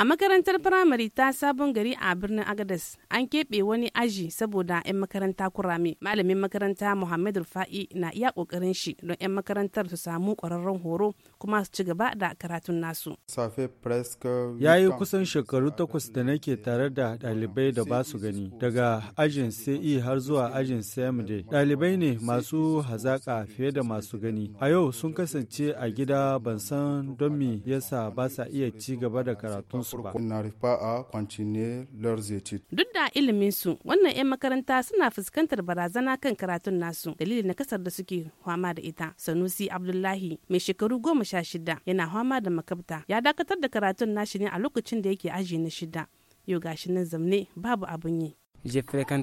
A makarantar firamare ta sabon gari a birnin Agadas an keɓe wani aji saboda 'yan makaranta kurame. Malamin makaranta Muhammad Rufa'i na iya ƙoƙarin shi don 'yan makarantar su samu ƙwararren horo kuma su ci gaba da karatun nasu. Ya yi kusan shekaru takwas da nake tare da ɗalibai da ba su e gani daga ajin CE har zuwa ajin CMD. Ɗalibai ne masu hazaƙa fiye da masu gani. A yau sun kasance a gida ban san don me yasa ba sa iya ci gaba da karatun su ba. Duk da ilimin su wannan 'yan makaranta suna fuskantar barazana kan karatun nasu dalilin na kasar da suke fama da ita. Sanusi Abdullahi mai shekaru goma sha shida yana fama da makabta ya dakatar da karatun nashi ne a lokacin da yake aji na shida. Yau gashi nan zamne babu abin yi.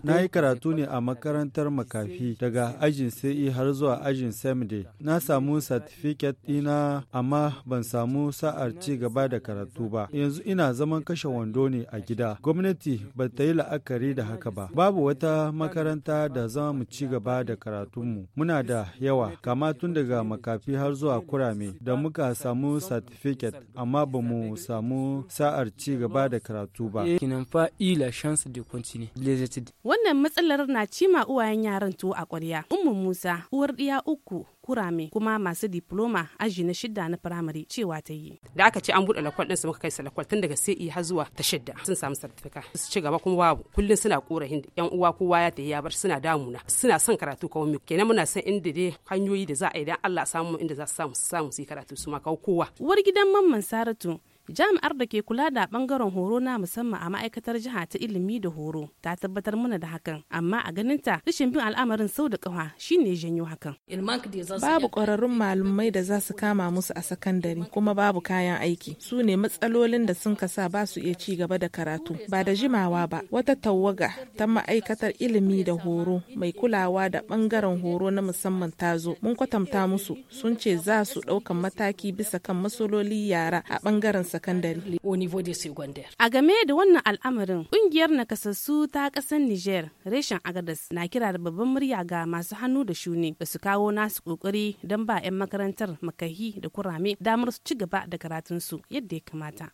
Na yi karatu ne a makarantar makafi daga ajin CE har zuwa ajin SEMDE. Na samu satifiket ɗina amma ban samu sa'ar ci gaba da karatu ba. Yanzu ina zaman kashe wando ne a gida. Gwamnati ba ta yi la'akari da haka ba. Babu wata makaranta da za mu ci gaba da karatunmu. Muna da yawa, kama tun daga makafi har zuwa kurame da muka samu satifiket amma ba mu samu sa'ar ci gaba da karatu ba. Wannan matsalar na cima uwayen yaran tuwo a ƙwarya. Ummu Musa, uwar ɗiya uku, kurame kuma masu diploma aji na shidda na firamare cewa ta yi. Da aka ce an buɗe lakwal ɗin su muka kai su lakwal tun daga sai e har zuwa ta shidda sun samu sartifika su ci gaba kuma babu kullum suna korafin yan uwa kowa ya yi ya bar suna damuna suna son karatu kawai mu kenan muna son inda dai hanyoyi da za a yi dan Allah samu inda za su samu su samu su yi karatu su ma kawai kowa. Uwar gidan mamman Saratu jami'ar da ke kula da bangaren horo na musamman a ma'aikatar jiha ta ilimi da horo ta tabbatar mana da hakan amma a ganinta rashin bin al'amarin sau da kawa shine janyo hakan babu kwararrun malumai da za su kama musu a sakandare kuma babu kayan aiki su ne matsalolin da sun kasa ba su iya ci gaba da karatu ba da jimawa ba wata tawaga ta ma'aikatar ilimi da horo mai kulawa da bangaren horo na musamman ta zo mun kwatanta musu sun ce za su ɗaukan mataki bisa kan masololi yara a bangaren sakandare. A game da wannan al'amarin ƙungiyar nakasassu ta ƙasar Niger reshen Agadas na kira da babban murya ga masu hannu da shuni da su kawo nasu ƙoƙari don ba 'yan makarantar makahi da kurame damar su ci gaba da karatun su yadda ya kamata.